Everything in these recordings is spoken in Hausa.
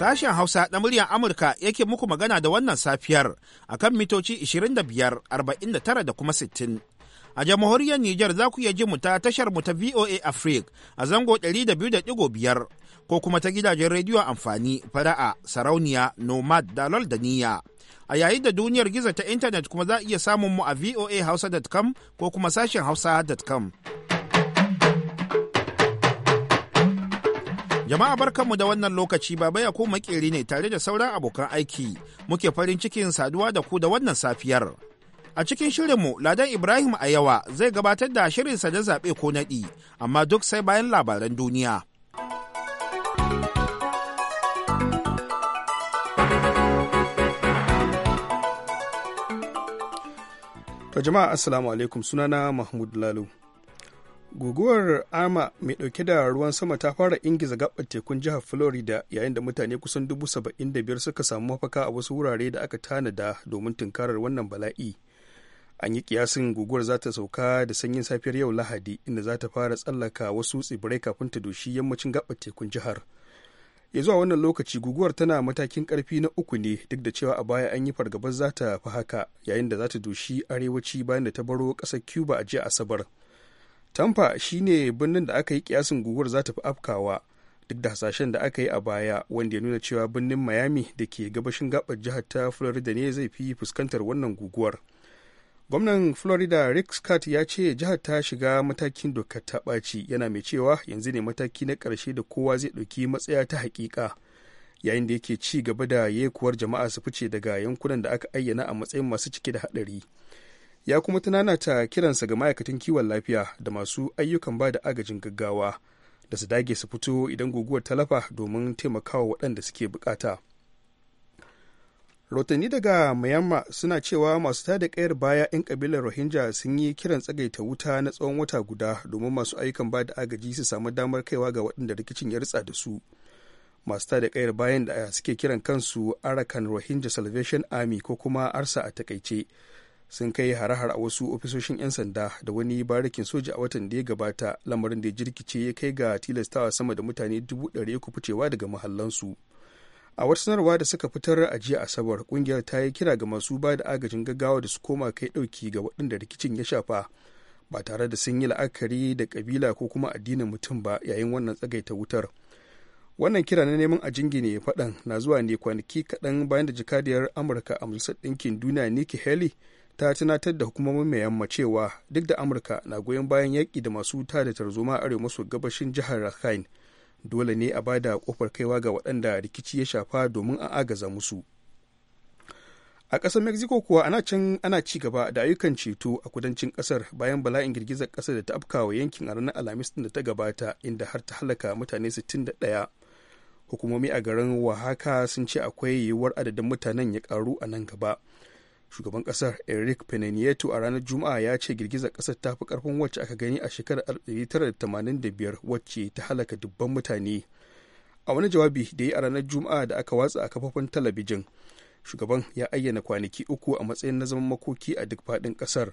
Sashen Hausa na muryar Amurka yake muku magana da wannan safiyar a kan mitoci 2549 da kuma 60. A jamhuriyar Nijar za ku iya ji mu ta tashar mu ta VOA Africa a zango 200.5 ko kuma ta gidajen rediyo amfani fara'a sarauniya nomad dalol da Niya. A yayin da duniyar gizo ta intanet kuma za a iya samun mu a voahausa.com ko kuma sashen hausa.com. Jama'a barkanmu da wannan lokaci baba ya ko makeri ne tare da sauran abokan aiki muke farin cikin saduwa da ku da wannan safiyar. A cikin shirinmu Ladan Ibrahim a yawa zai gabatar da shirinsa na zaɓe ko naɗi amma duk sai bayan labaran duniya. jama'a assalamu alaikum sunana Mahmud lalu guguwar ama mai dauke da ruwan sama ta fara ingiza gabar tekun jihar florida yayin da mutane kusan dubu saba'in da biyar suka samu mafaka a wasu wurare da aka tanada domin tunkarar wannan bala'i an yi kiyasin guguwar za ta sauka da sanyin safiyar yau lahadi inda za ta fara tsallaka wasu tsibirai kafin ta doshi yammacin gabar tekun jihar ya zuwa wannan lokaci guguwar tana matakin karfi na uku ne duk da cewa a baya an yi fargabar za ta fi haka yayin da za ta doshi arewaci bayan da ta baro ƙasar cuba a jiya asabar tampa shine birnin da aka yi kiyasin guguwar za ta fi afkawa duk da hasashen da aka yi a baya wanda ya nuna cewa birnin miami da ke gabashin gabar jihar ta florida ne zai fi fuskantar wannan guguwar gwamnan florida rick scott ya ce jihar ta shiga matakin dokar ta ɓaci yana mai cewa yanzu ne mataki na ƙarshe da kowa zai ɗauki matsaya ta haƙiƙa yayin da yake ci gaba da yekuwar jama'a su fice daga yankunan da aka ayyana a matsayin masu cike da haɗari ya kuma ta kiransa ga ma'aikatan kiwon lafiya da masu ayyukan ba da agajin gaggawa da su dage su fito idan guguwar ta lafa domin taimakawa waɗanda suke bukata. rotanni daga mayamma suna cewa masu tada kayar baya 'yan kabilar rohingya sun yi kiran tsagaita wuta na tsawon wata guda domin masu ayyukan ba da agaji su samu damar kaiwa ga waɗanda rikicin ya ritsa da su masu tada kayar bayan da suke kiran kansu arakan rohingya salvation army ko kuma arsa a takaice sun kai hare-hare a wasu ofisoshin 'yan sanda da wani barikin soja a watan da ya gabata lamarin da ya jirkice ya kai ga tilastawa sama da mutane dubu ɗari ku ficewa daga mahallansu a wata sanarwa da suka fitar a jiya asabar kungiyar ta yi kira ga masu ba da agajin gaggawa da su koma kai ɗauki ga waɗanda rikicin ya shafa ba tare da sun yi la'akari da kabila ko kuma addinin mutum ba yayin wannan tsagaita wutar wannan kira na neman a jingine faɗan na zuwa ne kwanaki kaɗan bayan da jakadiyar amurka a majalisar ɗinkin duniya nikki haley ta tunatar da hukumomin mai yamma cewa duk da amurka na goyon bayan yaƙi da masu wuta da tarzoma arewa maso gabashin jihar rakhine dole ne a bada kofar kaiwa ga waɗanda rikici ya shafa domin a agaza musu a ƙasar mexico kuwa ana can ana ci gaba da ayyukan ceto a kudancin ƙasar bayan bala'in girgizar ƙasar da ta afkawa yankin a ranar alhamis da ta gabata inda har ta halaka mutane 61 hukumomi a garin wahaka sun ce akwai yiwuwar adadin mutanen ya karu a nan gaba shugaban kasar eric penenieto a ranar juma'a ya ce girgizar kasar ta fi karfin wacce aka gani a shekarar 1985 wacce ta halaka dubban mutane a wani jawabi da yi a ranar juma'a da aka watsa a kafafen talabijin shugaban ya ayyana kwanaki uku a matsayin na zaman makoki a duk faɗin ƙasar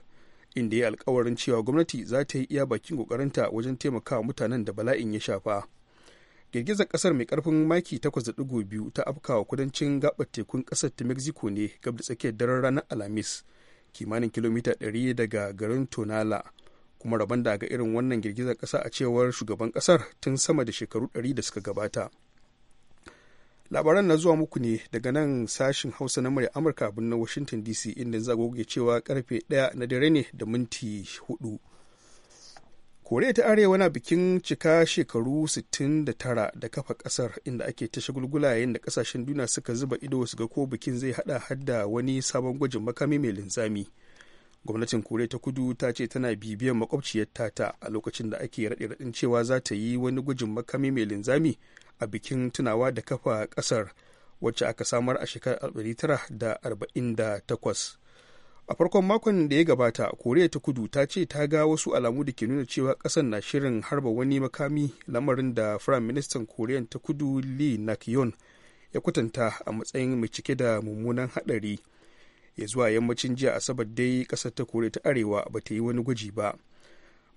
inda ya alkawarin cewa gwamnati za ta yi iya bakin ƙoƙarinta wajen taimakawa mutanen da bala'in ya shafa girgizar kasar mai karfin maki 8.2 ta afkawa kudancin gabar tekun kasar ta mexico ne gab da tsakiyar daren ranar alhamis kimanin kilomita 100 daga garin tonala kuma rabon daga irin wannan girgizar kasa a cewar shugaban kasar tun sama da shekaru 100 da suka gabata labaran na zuwa muku ne daga nan sashin hausa na murya amurka birnin washington dc inda za goge cewa karfe 1 na dare ne da minti 4 koriya ta arewa na bikin cika shekaru 69 da kafa kasar inda ake ta shagulgula yayin da kasashen duniya suka zuba ido su ga ko bikin zai hada hadda wani sabon gwajin makami mai linzami gwamnatin koriya ta kudu ta ce tana bibiyan makwabciyar tata a lokacin da ake raɗe raɗin cewa za ta yi wani gwajin makami mai linzami a bikin tunawa da kafa kasar wacce aka samar a shekarar 1948 a farkon makon da ya gabata koriya ta kudu ta ce ta ga wasu alamu da ke nuna cewa kasan na shirin harba wani makami lamarin da firayim ministan koriya ta kudu lee nak ya kwatanta a matsayin mai cike da mummunan hadari ya zuwa yammacin jiya asabar dai kasar ta koriya ta arewa ba ta yi wani gwaji ba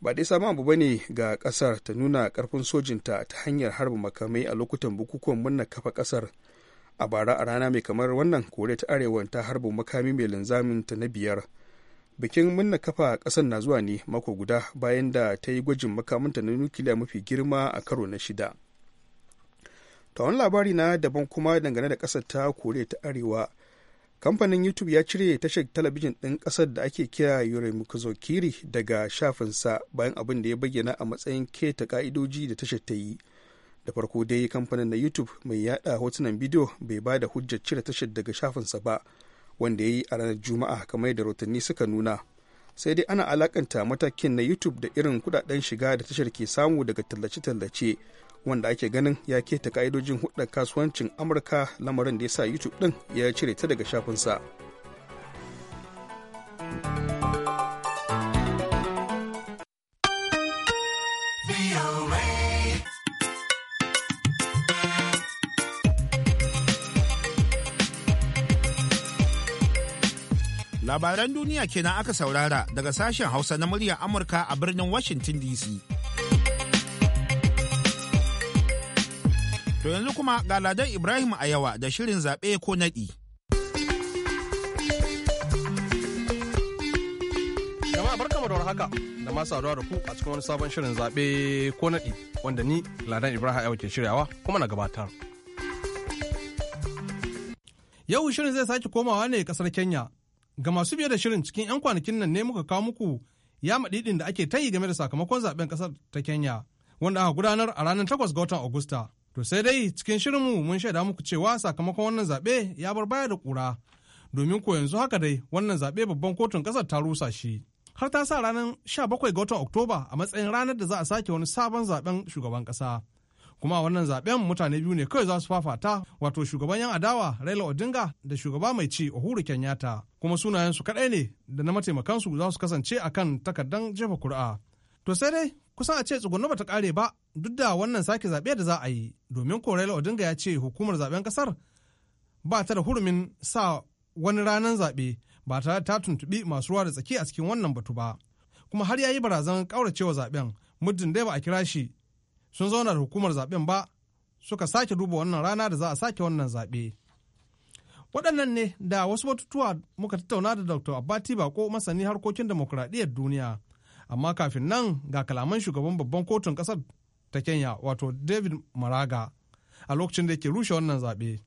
ba dai samu abu bane ga kasar ta nuna karfin sojinta ta hanyar harba makamai a lokutan bukukuwan murnar kafa kasar. a bara a rana mai kamar wannan koriya ta arewa ta harbo makami mai linzamin ta na biyar bikin munna kafa ƙasar na zuwa ne mako guda bayan da ta yi gwajin makamanta na nukiliya mafi girma a karo na shida ta wani labari na daban kuma dangane da kasar ta koriya ta arewa kamfanin youtube ya cire tashar talabijin ɗin ƙasar da ake kira yorimukazokiri daga shafinsa bayan abin da ya bayyana a matsayin keta ka'idoji da tashar ta yi da farko dai kamfanin na youtube mai yada hotunan bidiyo bai ba da hujjar cire tashar daga shafinsa ba wanda ya yi a ranar juma'a kamar da rahotanni suka nuna sai dai ana alakanta matakin na youtube da irin kudaden shiga da tashar ke samu daga tallace-tallace wanda ake ganin ya keta ka'idojin hudar kasuwancin amurka lamarin da ya sa youtube din ya cire ta daga shafinsa. Labaran duniya kenan aka saurara daga sashen Hausa na muryar Amurka a birnin Washington DC. To yanzu kuma ga Ladan Ibrahim Ayawa da shirin zaɓe ko naɗi. bar barkamu haka da masu saduwa da ku a cikin wani sabon shirin zaɓe ko naɗi wanda ni Ladan Ibrahim Ayawa ke shiryawa kuma na gabatar. Yau shirin zai sake komawa ne kasar Kenya Ga masu biyar da shirin cikin 'yan kwanakin nan ne muka kawo muku ya maɗiɗin da ake tayi game da sakamakon zaben ƙasar ta Kenya wanda aka gudanar a ranar 8 ga watan Agusta. To sai dai cikin shirin mu mun shaida muku cewa sakamakon wannan zaɓe ya bar baya da ƙura. Domin ko yanzu haka dai wannan zaɓe babban kotun ƙasar ta rusa shi. Har ta sa ranar 17 ga watan Oktoba a matsayin ranar da za a sake wani sabon zaben shugaban ƙasa. kuma wannan zaben mutane biyu ne kawai za su fafata wato shugaban yan adawa Raila Odinga da shugaba mai ci Uhuru Kenyatta kuma sunayensu kaɗai ne da na mataimakansu za su kasance kan takardan jefa kuri'a to sai dai kusan a ce tsugunna ta kare ba duk da wannan sake zaɓe da za a yi domin ko Raila Odinga ya ce hukumar zaben ƙasar ba ta da hurumin sa wani ranar zaɓe ba tare ta tuntuɓi masu ruwa da tsaki a cikin wannan batu ba kuma har ya yi barazan ƙauracewa zaɓen muddin dai ba a kira shi sun zauna da hukumar zaben ba suka sake duba wannan rana da za a sake wannan zaɓe. waɗannan ne da wasu batutuwa muka tattauna da dr abati bako masani harkokin demokuraɗiyyar duniya amma kafin nan ga kalaman shugaban babban kotun ƙasar ta kenya wato david maraga a lokacin da ke rushe wannan zaɓe.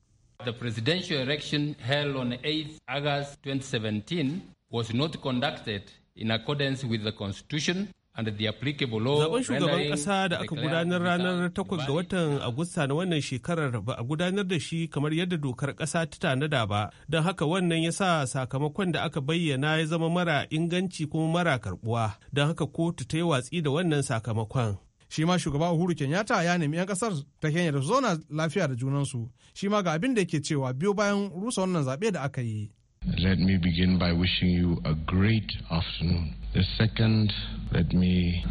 the presidential election held on 8 august 2017 was not conducted in accordance with the constitution under the applicable law. Zaben shugaban kasa da aka gudanar ranar 8 ga watan Agusta na wannan shekarar ba a gudanar da shi kamar yadda dokar kasa ta tanada ba, don haka wannan ya sa sakamakon da aka bayyana ya zama mara inganci kuma mara karbuwa, don haka kotu ta yi watsi da wannan sakamakon. Shi ma shugaba Uhuru Kenyatta ya nemi 'yan kasar ta Kenya da su zauna lafiya da junansu, shi ma ga abin da ke cewa biyo bayan rusa wannan zaɓe da aka yi. Let me begin by wishing you a great afternoon. The second, let me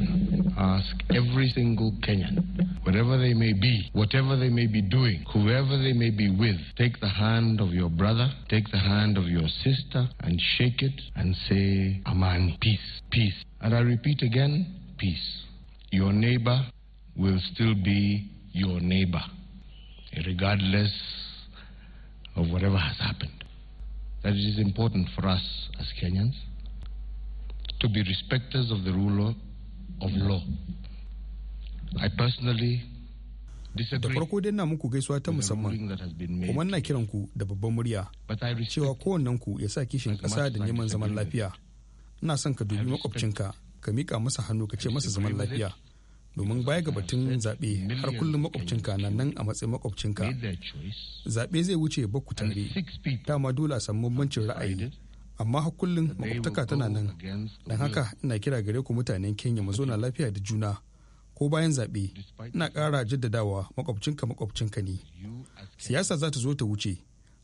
ask every single Kenyan, wherever they may be, whatever they may be doing, whoever they may be with, take the hand of your brother, take the hand of your sister, and shake it and say, Aman, peace, peace. And I repeat again, peace. Your neighbor will still be your neighbor, regardless of whatever has happened. that it is important for us as Kenyans to be respecters of the rule of law. I personally da farko dai na muku gaisuwa ta musamman kuma na kiran ku da babban murya cewa kowannen ya sa kishin ƙasa da neman zaman lafiya ina son ka dubi makwabcinka ka miƙa masa hannu ka ce masa zaman lafiya domin baya ga batun zaɓe har kullum makwabcinka na nan a matsayin makwabcinka zaɓe zai wuce bakku tare dama dole a samu bambancin ra'ayi amma har kullum makwabtaka tana nan don haka ina kira gare ku mutanen kenya mu zauna lafiya da juna ko bayan zaɓe ina ƙara jaddadawa makwabcinka makwabcinka ne siyasa za ta zo ta wuce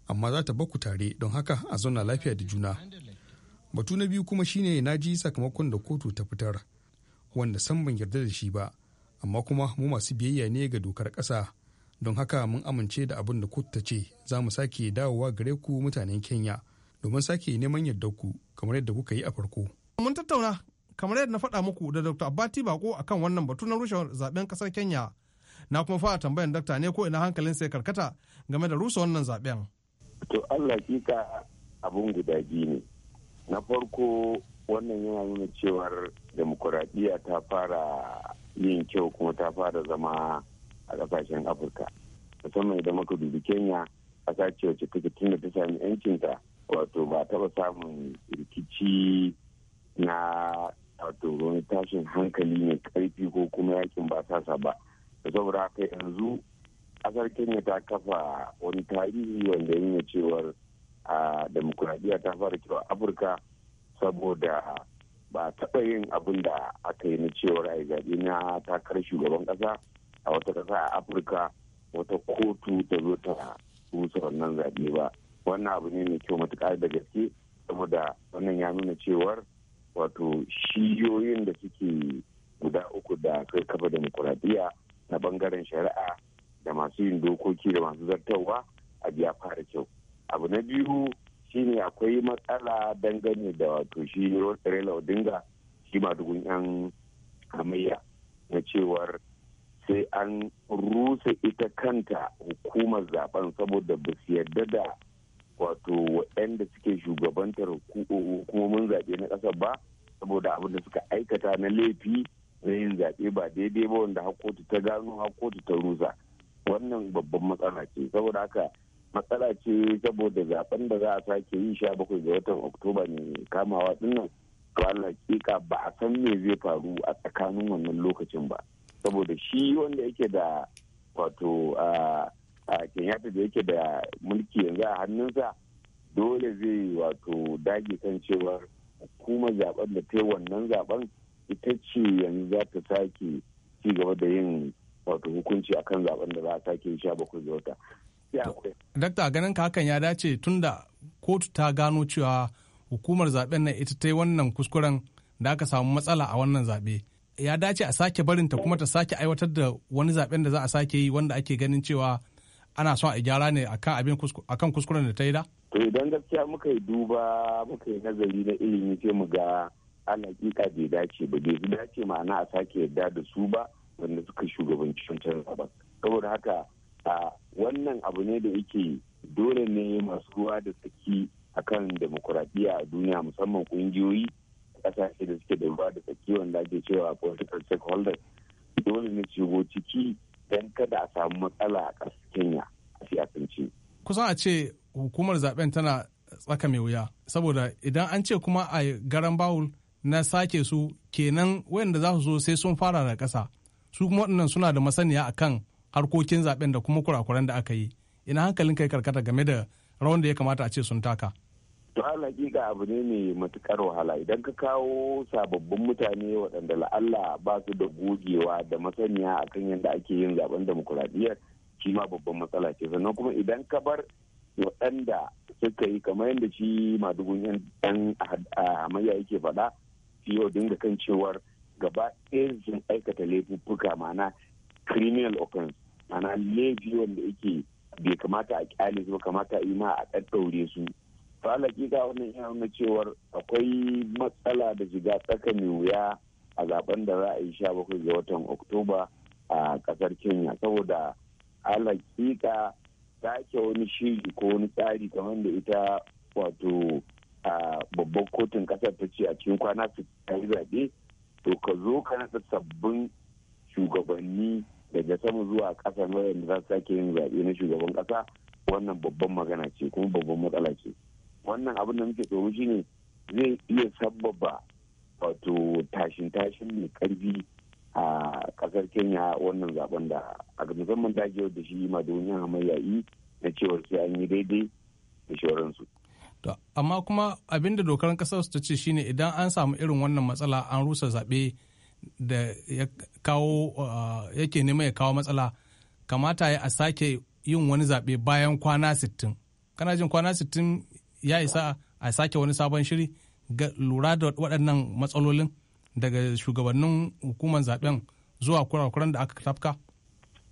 amma za ta bakku tare don haka a zauna lafiya da juna batu na biyu kuma shine na ji sakamakon da kotu ta fitar wanda san ban yarda da shi ba amma kuma mu masu biyayya ne ga dokar kasa don haka mun amince da abin da ta ce za mu sake dawowa gare ku mutanen kenya domin sake neman yarda ku kamar yadda kuka yi a farko. mun tattauna kamar yadda na faɗa muku da dr abati bako akan wannan batu na rushe zaben kasar kenya na kuma fara tambayan dakta ne ko ina hankalin sai karkata game da rusa wannan zaben. to allah kika abun guda biyu ne na farko wannan yana nuna cewar demokuraɗiyya ta fara yin kyau kuma ta fara zama a ƙasashen afirka musamman idan muka dubi kenya ƙasa ce wacce take tun da ta sami yancinta wato ba taɓa samun rikici na wato wani tashin hankali mai ƙarfi ko kuma yakin ba sasa ba da saboda haka yanzu ƙasar kenya ta kafa wani tarihi wanda ya nuna cewar a demokuraɗiyya ta fara kyau a afirka saboda ba a taɓa yin abin da aka yi na cewar a zaɓe na takarar shugaban ƙasa a wata ƙasa a afirka wata kotu ta zo ta rusa wannan zaɓe ba wannan abu ne mai kyau matuƙa da gaske saboda wannan ya nuna cewar wato shiyoyin da suke guda uku da kai kafa demokuraɗiyya na ɓangaren shari'a da masu yin dokoki da masu zartarwa a biya fara kyau abu na biyu shine akwai matsala dangane da wato shi rosarela odinga shi madugun yan hamayya na cewar sai an rusa ita kanta hukumar zaben saboda ba su yarda da wato waɗanda suke shugabantar hukumomin zaɓe na ƙasar ba saboda abin da suka aikata na laifi na yin zaɓe ba daidai ba wanda hakotu ta gano hakotu ta rusa wannan babban matsala ce saboda haka matsala ce saboda zaben da za a sake yi sha bakwai ga watan oktoba ne kamawa dinnan wala kika ba a san me zai faru a tsakanin wannan lokacin ba saboda shi wanda yake da wato a kenyatta da yake da mulki yanzu a hannunsa dole zai wato dage kan cewa hukumar zaben da ta yi wannan zaben ita ce yanzu za ta sake ci gaba da yin wato hukunci akan zaben da za a sake yi sha bakwai ga wata Dakta ganin ka hakan ya dace tunda kotu ta gano cewa hukumar zaben nan ita ta yi wannan kuskuren da aka samu matsala a wannan zaɓe. Ya dace a sake barinta kuma ta sake aiwatar da wani zaben da za a sake yi wanda ake ganin cewa ana son a gyara ne akan kuskuren da ta yi da? To idan gaskiya muka yi duba muka yi nazari na ilimi sai mu ga kika bai dace ba bai dace ma'ana a sake yarda da su ba wanda suka shugabanci wancan zaben. Saboda haka wannan abu ne da yake dole ne masu ruwa da tsaki a kan demokuraɗiyya a duniya musamman ƙungiyoyi ƙasashe da suke da ruwa da tsaki wanda ake cewa political stakeholders dole ne shigo ciki don kada a samu matsala a ƙasar kenya a siyasance. kusan a ce hukumar zaben tana tsaka mai wuya saboda idan an ce kuma a garan bawul na sake su kenan wayanda za su zo sai sun fara da ƙasa su kuma waɗannan suna da masaniya akan harkokin zaben da kuma kurakuran da aka yi ina hankalin kai karkata game da rawan da ya kamata a ce sun taka to hakika abu ne mai matukar wahala idan ka kawo sababbin mutane waɗanda la'alla ba su da gogewa da masaniya akan yadda ake yin zaben demokuraɗiyyar shi ma babban matsala ce sannan kuma idan ka bar waɗanda suka yi kamar yadda shi madugun yan hamayya yake faɗa fiye dinga kan cewar gaba ɗaya sun aikata laifuffuka mana criminal offense ana laifi wanda yake bai kamata a kyale su kamata a yi ma a ɗaɗɗaure su to lakika wannan yana nuna cewar akwai matsala da shiga tsaka mai wuya a zaben da za a yi sha bakwai ga watan oktoba a ƙasar kenya saboda ta sake wani shiri ko wani tsari kamar da ita wato a babban kotun ƙasar ta ce a cikin kwana ta yi zaɓe to ka zo ka nasa sabbin shugabanni daga sama zuwa kasa wayanda za su sake yin zaɓe na shugaban ƙasa wannan babban magana ce kuma babban matsala ce wannan abin da muke tsoro shine zai iya sabbaba wato tashin tashin mai karfi a ƙasar kenya wannan zaben da a musamman dajiyar da shi madoniya hamayya yi na cewar sai an yi daidai da to amma kuma abinda dokar kasar su ta ce shine idan an samu irin wannan matsala an rusa zaɓe da ya kawo uh, yake nema ya kawo matsala kamata ya a sake yin wani zaɓe bayan kwana 60 kana jin kwana 60 ya isa a sake wani sabon shiri ga lura da waɗannan matsalolin daga shugabannin hukumar zaɓen zuwa kurakuran da aka tafka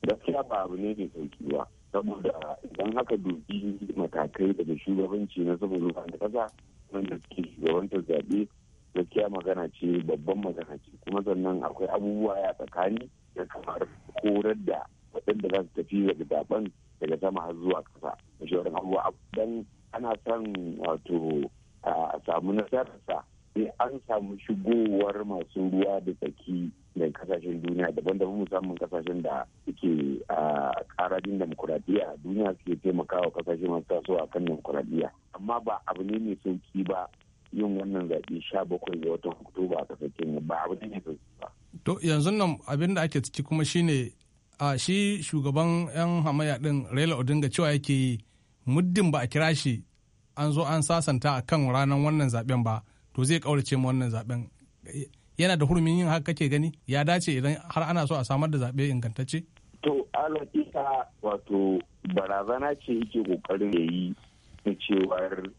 gaskiya ba abu ne mai ba saboda idan haka dubi matakai daga shugabanci na saboda da ƙasa wanda suke shugabantar zaɓe gaskiya magana ce babban magana ce kuma sannan akwai abubuwa ya tsakani da kamar korar da waɗanda za su tafi daga zaben daga sama har zuwa ƙasa da abubuwa dan ana son wato a samu nasararsa sai an samu shigowar masu ruwa da tsaki daga kasashen duniya daban-daban musamman kasashen da suke a karajin demokuraɗiyya duniya suke taimakawa kasashe masu tasowa kan demokuraɗiyya amma ba abu ne mai sauki ba yin wannan zaɓe sha bakwai ga watan oktoba a ƙasar ba abu ne to yanzu nan abin da ake ciki kuma shine a shi shugaban yan hamaya din raila odinga cewa yake yi muddin ba a kira shi an zo an sasanta a kan ranar wannan zaben ba to zai kaurace mu wannan zaben yana da hurumin yin haka kake gani ya dace idan har ana so a samar da zaɓe ingantacce to alaƙiƙa wato barazana ce yake ƙoƙarin ya yi na cewar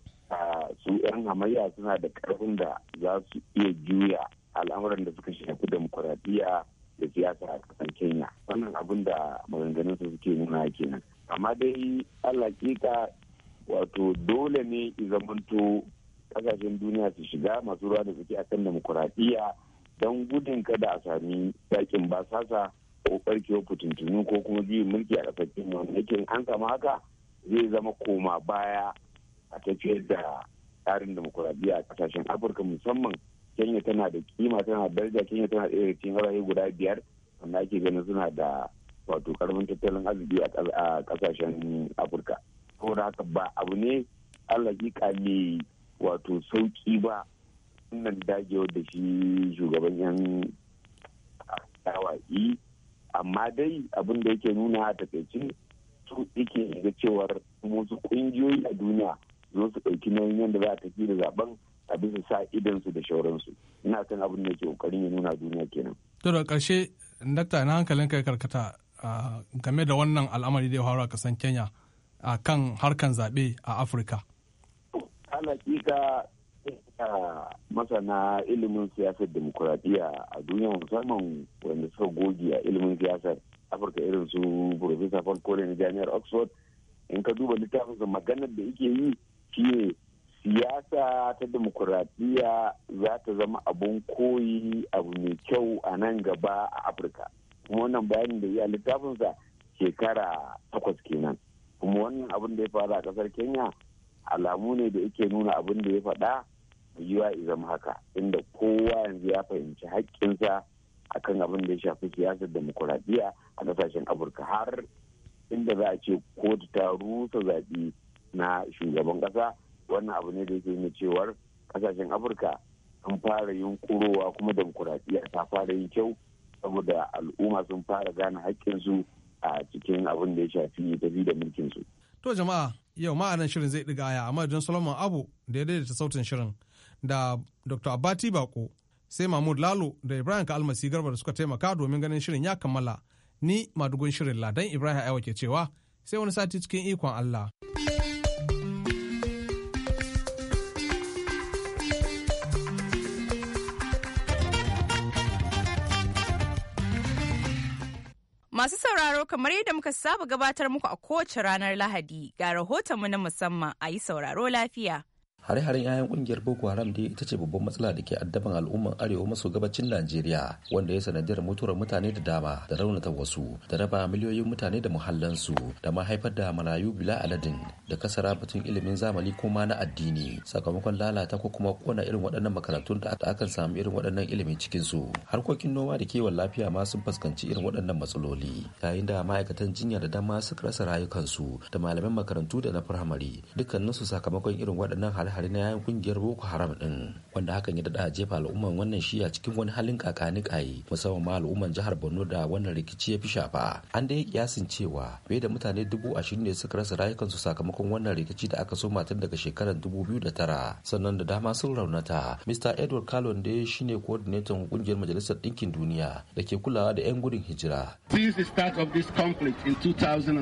su 'yan hamayya suna da karfin da za su iya juya al'amuran da suka shafi demokuraɗiyya da siyasa a ƙasar kenya wannan abin da maganganun su suke nuna kenan amma dai alaƙiƙa wato dole ne zamanto ƙasashen duniya su shiga masu ruwa da suke akan demokuraɗiyya don gudun kada a sami yakin basasa ko barkewar fitintunu ko kuma juyin mulki a ƙasar kenya wanda yake an samu haka zai zama koma baya a tafiyar da tsarin demokuraɗiyya a kasashen afirka musamman kenya tana da kima tana da daraja kenya tana da cikin ƙasashe guda biyar wanda ake ganin suna da wato karamin tattalin arziki a kasashen afirka da haka ba abu ne allah ne wato sauki ba wannan dagewar da shi shugaban yan amma dai abin da yake nuna a takaice su yake ga cewar wasu ƙungiyoyi a duniya zo su ɗauki nauyin yadda za a tafi da zaben a bisa sa idansu da shauransu ina kan abin da ke ƙoƙarin ya nuna duniya kenan. to da ƙarshe dakta na hankalin kai karkata game da wannan al'amari da ya faru a kasan kenya a kan harkan zaɓe a afirka. alaƙiƙa masana ilimin siyasar demokuraɗiyya a duniya musamman wanda suka goge a ilimin siyasar afirka irin su professor paul na jami'ar oxford in ka duba littafinsa maganar da yake yi shine siyasa ta demokuraɗiyya za ta zama abun koyi abu mai kyau a nan gaba a afirka kuma wannan bayanin da ya littafinsa shekara takwas kenan kuma wannan abin da ya faru a ƙasar kenya alamu ne da yake nuna abin da ya faɗa yiwa zama haka inda kowa yanzu ya fahimci haƙƙinsa akan abin da ya shafi siyasar demokuraɗiyya a ƙasashen afirka har inda za a ce kotu ta rusa zaɓe na shugaban kasa wannan abu ne da yake nuna cewar kasashen afirka an fara yunkurowa kuma demokuraɗiyya ta fara yin kyau saboda al'umma sun fara gane haƙƙinsu a cikin abin da ya shafi tafi da mulkinsu. To jama'a yau ma'anan shirin zai ɗiga aya amma don Solomon Abu da ya daidaita sautin shirin da Dr. Abati Bako sai Mahmud Lalo da Ibrahim Kalmasi Garba da suka taimaka domin ganin shirin ya kammala. Ni madugun shirin Ladan Ibrahim Aiwa ke cewa sai wani sati cikin ikon Allah. Masu sauraro kamar yadda muka saba gabatar muku a kowace ranar Lahadi ga mu na musamman a yi sauraro lafiya. hare-haren 'ya'yan kungiyar boko haram da ita ce babban matsala da ke addaban al'umman arewa maso gabacin najeriya wanda ya sanadiyar mutuwar mutane da dama da raunata wasu da raba miliyoyin mutane da muhallansu da ma haifar da marayu bila aladin da kasara batun ilimin zamani ko ma na addini sakamakon lalata ko kuma kona irin waɗannan makarantun da aka samu irin waɗannan ilimin cikin su harkokin noma da kiwon lafiya ma sun fuskanci irin waɗannan matsaloli yayin da ma'aikatan jinya da dama suka rasa rayukansu da malaman makarantu da na firamare dukkaninsu sakamakon irin waɗannan hare hare na yayin kungiyar boko haram din wanda hakan ya dada jefa al'umman wannan shiya cikin wani halin kakani kai musamman ma al'umman jihar borno da wannan rikici ya fi shafa an dai kiyasin cewa fiye da mutane dubu ashirin ne suka rasa rayukansu sakamakon wannan rikici da aka soma tun daga shekarar dubu biyu da tara sannan da dama sun raunata mr edward kalon da shine coordinator kungiyar majalisar ɗinkin duniya da ke kulawa da 'yan gudun hijira since the start of this conflict in 2009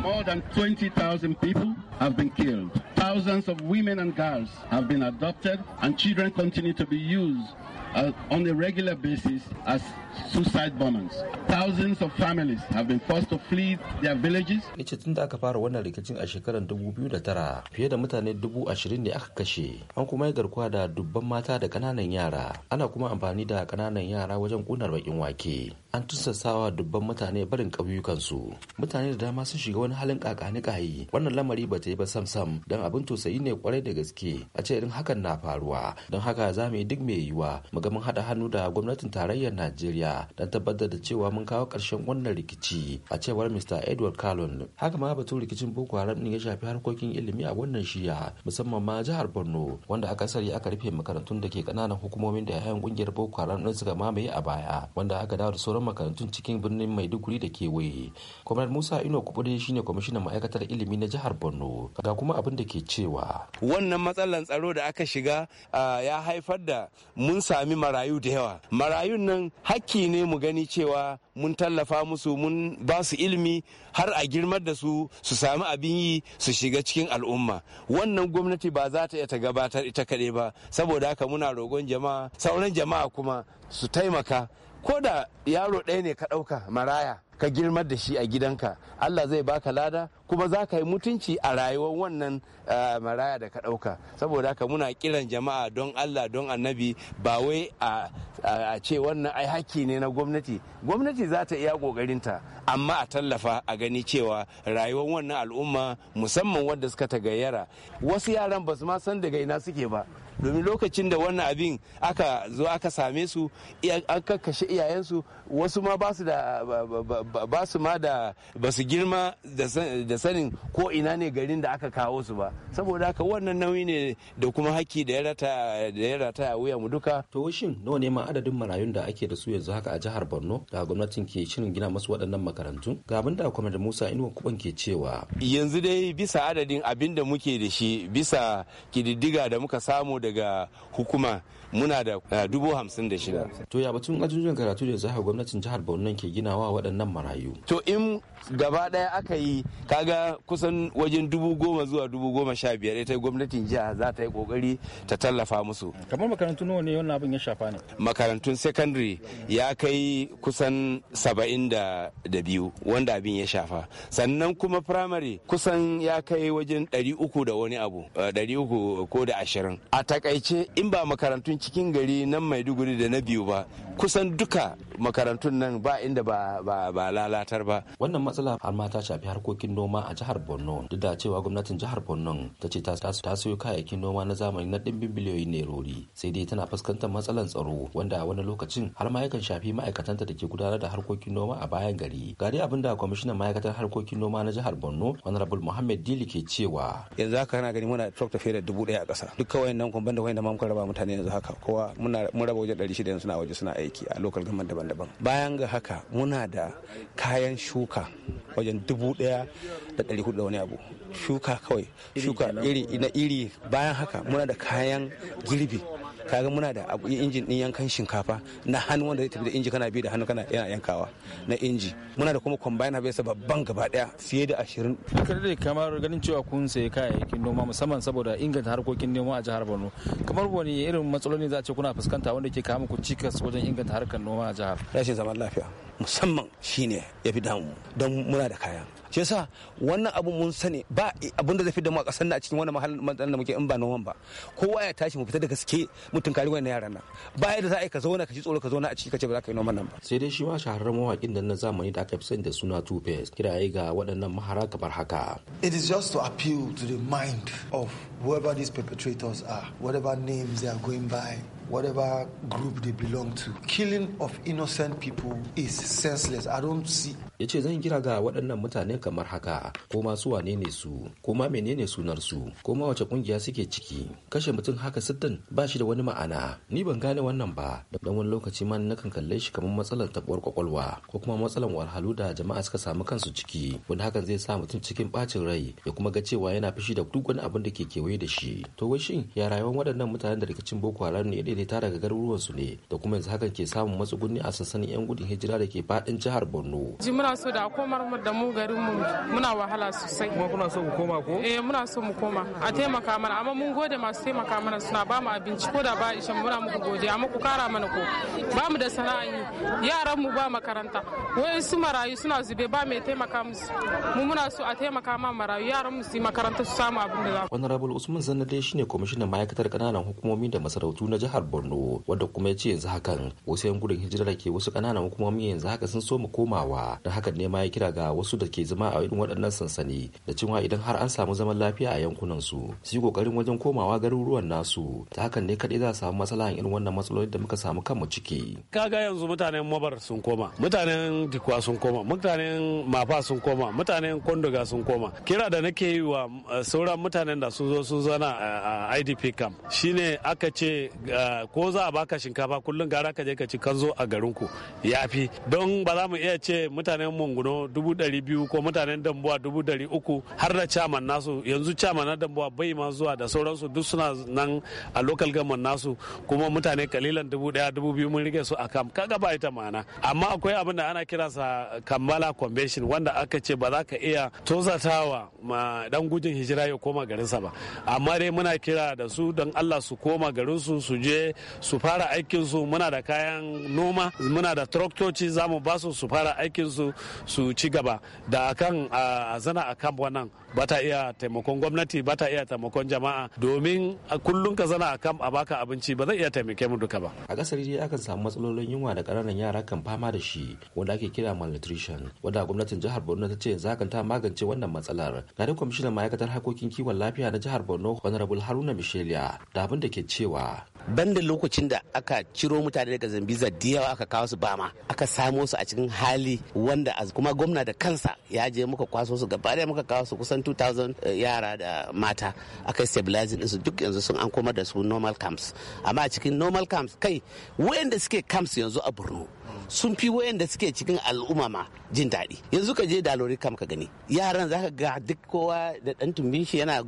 more than 20,000 people have been killed thousands of women Nigerian girls have been adopted, and children continue to be used uh, on a regular basis as suicide bombers. Thousands of families have been forced to flee their villages. ice tun da aka fara wannan rikicin a shekarar 2009 fiye da mutane 20,000 ne aka kashe. An kuma yi garkuwa da dubban mata da kananan yara. Ana kuma amfani da kananan yara wajen kunar bakin wake. An tussasawa dubban mutane barin ƙauyukansu. Mutane da dama sun shiga wani halin kakani kayi. Wannan lamari ba ta yi ba sam sam don abin tausayi ne kwarai da gaske a ce irin hakan na faruwa don haka za mu yi duk mai yiwuwa mu ga mun haɗa hannu da gwamnatin tarayyar najeriya don tabbatar da cewa mun kawo ƙarshen wannan rikici a cewar mr edward kalon haka ma batun rikicin boko haram ne ya shafi harkokin ilimi a wannan shiya musamman ma jihar borno wanda aka sari aka rufe makarantun da ke kananan hukumomin da 'ya'yan ƙungiyar boko haram ɗin suka mamaye a baya wanda aka dawo da sauran makarantun cikin birnin maiduguri da kewaye kwamnar musa ino kubude shine kwamishinan ma'aikatar ilimi na jihar borno ga kuma abin da ke cewa wannan matsalan tsaro da aka shiga ya haifar da mun sami marayu da yawa marayun nan hakki ne mu gani cewa mun tallafa musu mun ba su ilimi har a girmar da su su sami abin yi su shiga cikin al'umma wannan gwamnati ba za ta iya ta gabatar ita kaɗai ba saboda haka muna rogon jama'a sauran jama'a kuma su taimaka ko da yaro ɗaya ne ka ɗauka maraya ka girmar da shi a gidanka Allah zai baka lada kuma za ka yi mutunci a rayuwar wannan eh, maraya da ka ɗauka saboda haka muna kiran jama'a don Allah don annabi ba wai a ce wannan ai haƙƙi ne na gwamnati gwamnati za ta iya ƙoƙarinta amma a tallafa a gani cewa rayuwar wannan al'umma musamman wadda suka tagayyara wasu yaran ba su ma san daga ina suke ba domin lokacin da wannan abin aka zo aka same su an kashe iyayensu wasu ma ba su da ba su ma da ba su girma da sanin ko ina ne garin da aka kawo su ba saboda haka wannan nauyi ne da kuma haki da ya rata wuya mu duka to shin nawa ne ma adadin marayun da ake da su yanzu haka a jihar Borno da gwamnatin ke shirin gina musu waɗannan makarantu ga abin da Musa Inuwa Kuban ke cewa yanzu dai bisa adadin abin da muke da shi bisa kididdiga da muka samu daga hukuma muna da eh, dubu hamsin da shida. To ya batun ajujuwan karatu da zaha gwamnatin jihar Borno ke ginawa waɗannan marayu. To in gaba ɗaya aka yi kaga kusan wajen dubu goma zuwa dubu goma sha biyar ita gwamnatin jiha za ta yi ƙoƙari ta tallafa musu. Kamar makarantu nawa ne wannan abin ya shafa ne? Makarantun secondary ya kai kusan saba'in da biyu wanda abin ya shafa. Sannan kuma primary kusan ya kai wajen ɗari uku da wani abu eh, ɗari uku ko da ashirin. A takaice in ba makarantun domin cikin gari nan maiduguri da na biyu ba kusan duka makarantun nan ba inda ba, ba, ba lalatar ba wannan matsala har ma ta shafi harkokin noma a jihar borno duk da cewa gwamnatin jihar borno ta ce ta sayo kayayyakin noma na zamani na ɗimbin biliyoyin nerori sai dai tana fuskantar matsalar tsaro wanda wani lokacin har ma yakan shafi ma'aikatanta da ke gudanar da harkokin noma a bayan gari ga dai abin da kwamishinan ma'aikatar harkokin noma na jihar borno honorable muhammad dili ke cewa yanzu haka kana gani muna truck tafiya da dubu ɗaya a ƙasa duk kawai nan kun banda wayan da muka raba mutane yanzu haka haka kowa muna mun raba wajen 600 yanzu suna waje suna aiki a lokal government daban-daban bayan ga haka muna da kayan shuka wajen dubu daya da ɗari hudu da wani abu shuka kawai shuka iri na iri bayan haka muna da kayan girbi kaga muna da injin din yankan shinkafa na hannu wanda zai tafi da inji kana bi da hannu kana yana yankawa na inji muna da kuma combiner bai babban gaba daya fiye da 20 kada da kamar ganin cewa kun sayi kayayyakin noma musamman saboda inganta harkokin noma a jihar Borno kamar wani irin matsaloli za a ce kuna fuskanta wanda ke kawo muku cikas wajen inganta harkar noma a jihar rashin zaman lafiya musamman shine ya fi damu don muna da kaya shi yasa wannan abu mun sani ba abin da zai fi mu a kasar a cikin wannan mahallin da muke in ba noman ba kowa ya tashi mu fita da gaske mutum kare wannan yaran nan ba yadda za a yi ka zauna ka ji tsoro ka zauna a ciki ka ce ba za ka yi noman nan ba sai dai shi ma shahararren mawaƙin da na zamani da aka fi sani da suna tupac kiraye ga waɗannan mahara kamar haka it is just to appeal to the mind of whoever these perpetrators are whatever names they are going by whatever group they belong to. Killing of innocent people is senseless. I don't see ya ce zan kira ga waɗannan mutane kamar haka ko ma su wane ne su ko ma menene sunar su ko ma wace kungiya suke ciki kashe mutum haka sittin ba shi da wani ma'ana ni ban gane wannan ba dan wani lokaci ma na kan kalle shi kamar matsalar tabuwar kwakwalwa ko kuma matsalar wahalhalu da jama'a suka samu kansu ciki wanda hakan zai sa mutum cikin bacin rai ya kuma ga cewa yana fushi da duk wani abin da ke kewaye da shi to wai shin ya rayuwar waɗannan mutanen da rikicin boko haram ne ya ta daga garuruwansu ne da kuma yanzu hakan ke samun matsuguni a sassanin yan gudun hijira da ke faɗin jihar borno muna so da komar mu da mu garin mu muna wahala sosai kuma kuna so ku koma ko eh muna so mu koma a taimaka mana amma mun gode masu taimaka mana suna ba mu abinci ko da ba ishan muna muku gode amma ku kara mana ko ba mu da sana'an yi yaran mu ba makaranta wai su marayu suna zube ba mai taimaka musu mu muna so a taimaka ma marayu yaran mu su makaranta su samu abin da za wani rabul usman dai shine kwamishinan ma'aikatar kananan hukumomi da masarautu na jihar borno wanda kuma ya ce yanzu hakan wasu yan gudun hijira da ke wasu kananan hukumomi yanzu haka sun so mu komawa da hakan ne ma ya kira ga wasu da ke zama a irin waɗannan sansani da cewa idan har an samu zaman lafiya a yankunan su su yi kokarin wajen komawa garuruwan nasu ta hakan ne kaɗai za a samu a irin wannan matsaloli da muka samu kanmu ciki kaga yanzu mutanen mabar sun koma mutanen dikwa sun koma mutanen mafa sun koma mutanen kondoga sun koma kira da nake yi wa eh, sauran mutanen da su zo sun zana a idp camp shine aka ce eh, ko za a baka shinkafa kullum gara ka je ka ci kan zo a garinku yafi don ba za mu iya ce mutanen mutanen munguno dubu dari biyu ko mutanen dambuwa dubu dari uku har da caman nasu yanzu caman na dambuwa bai ma zuwa da sauransu duk suna nan a lokal government nasu kuma mutane kalilan dubu ɗaya dubu biyu mun rike su a kam kaga ba ita ma'ana amma akwai abin da ana kira sa kammala convention wanda aka ce ba za ka iya tozatawa ma dan gudun hijira ya koma garinsa ba amma dai muna kira da su don allah su koma garinsu su je su fara aikinsu muna da kayan noma muna da traktoci za mu basu su fara aikinsu su ci gaba da akan a zana a kan wannan ba ta iya taimakon gwamnati ba ta iya taimakon jama'a domin kullum ka zana a kan a baka abinci ba zai iya taimake mu duka ba a kasar dai akan samu matsalolin yunwa da ƙananan yara kan fama da shi wanda ake kira malnutrition wanda gwamnatin jihar Borno ta ce za ka ta magance wannan matsalar ga da kwamishinan ma'aikatar harkokin kiwon lafiya na jihar Borno Honorable Haruna Mishelia da abin da ke cewa banda lokacin da aka ciro mutane daga zambiza da yawa aka kawo su bama aka samo su a cikin hali wanda kuma gwamna da kansa ya je muka kwaso su gaba da muka kawo su kusan 2000 eh, yara da mata aka yi stabilizing su duk yanzu sun an komar da su normal camps amma a cikin normal camps kai wayanda suke camps yanzu a borno sun fi wayanda suke cikin al'umma ma jin daɗi yanzu ka je dalori kam ka gani yaran zaka ga duk kowa da ɗan tumbin shi yana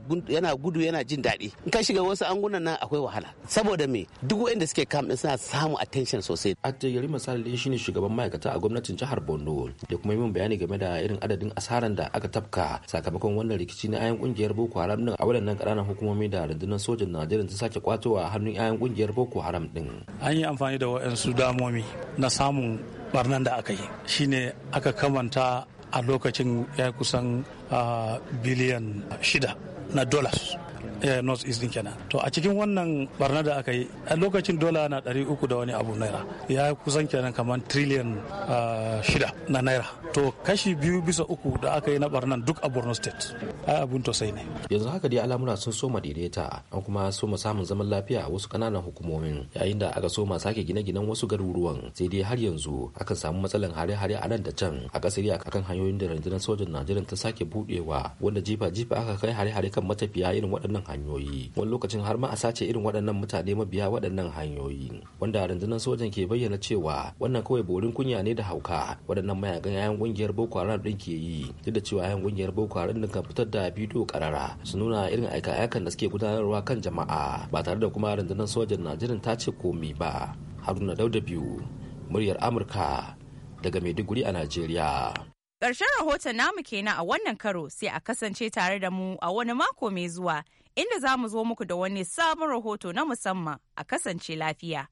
gudu yana jin daɗi in ka shiga wasu angunan nan akwai wahala saboda me duk wayanda suke kam din suna samu attention sosai a attajiri misali shi ne shugaban ma'aikata a gwamnatin jihar Borno da kuma yi min bayani game da irin adadin asaran da aka tafka sakamakon wannan rikici na ayan kungiyar Boko Haram din a wadannan ƙananan hukumomi da rundunar sojan Najeriya ta sake kwatowa hannun ayan kungiyar Boko Haram din an yi amfani da wa'ansu damomi na samun barnan da aka yi shine aka kamanta a lokacin ya kusan ah, biliyan shida na dollars eh, north east din kenan to a cikin wannan barna da aka yi a lokacin dola na ɗari uku da wani abu naira ya kusan kenan kamar triliyan ah, shida na naira to kashi biyu bisa uku da aka yi na barnan duk a borno state a abun tosai ne yanzu haka dai al'amura sun soma daidaita an kuma soma samun zaman lafiya a wasu kananan hukumomin yayin da aka soma sake gine-ginen wasu garuruwan sai dai har yanzu akan samu matsalan hare-hare a nan da can a kasari akan hanyoyin da rundunar sojan najeriya ta sake buɗewa wanda jifa-jifa aka kai hare-hare akan matafiya irin waɗannan hanyoyi wani lokacin har ma a sace irin waɗannan mutane mabiya waɗannan hanyoyi wanda rundunar sojan ke bayyana cewa wannan kawai borin kunya ne da hauka waɗannan mayagan yayan ƙungiyar boko haram ɗin ke yi duk da cewa yayan ƙungiyar boko haram ɗin kan fitar da bidiyo karara su nuna irin aika-aikan da suke gudanarwa kan jama'a ba tare da kuma rundunar sojan najeriya ta ce komi ba haruna dauda biyu muryar amurka daga maiduguri a najeriya Ƙarshen rahoton namu kenan a wannan karo sai a kasance tare da mu a wani mako mai zuwa inda za mu zo muku da wani sabon rahoto na musamman a kasance lafiya.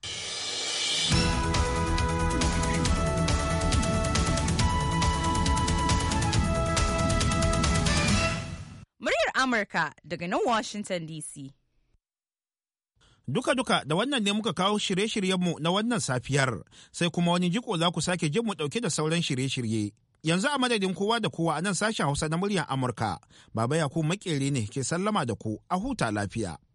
Muryar Amurka daga nan Washington DC. Duka-duka da wannan ne muka kawo shirye-shiryenmu na wannan safiyar, sai kuma wani jiko za ku sake jin mu ɗauke da sauran shirye-shirye. Yanzu a madadin kowa da kowa a nan sashen Hausa na muryar Amurka, Baba ku makere ne ke sallama da ku a huta lafiya.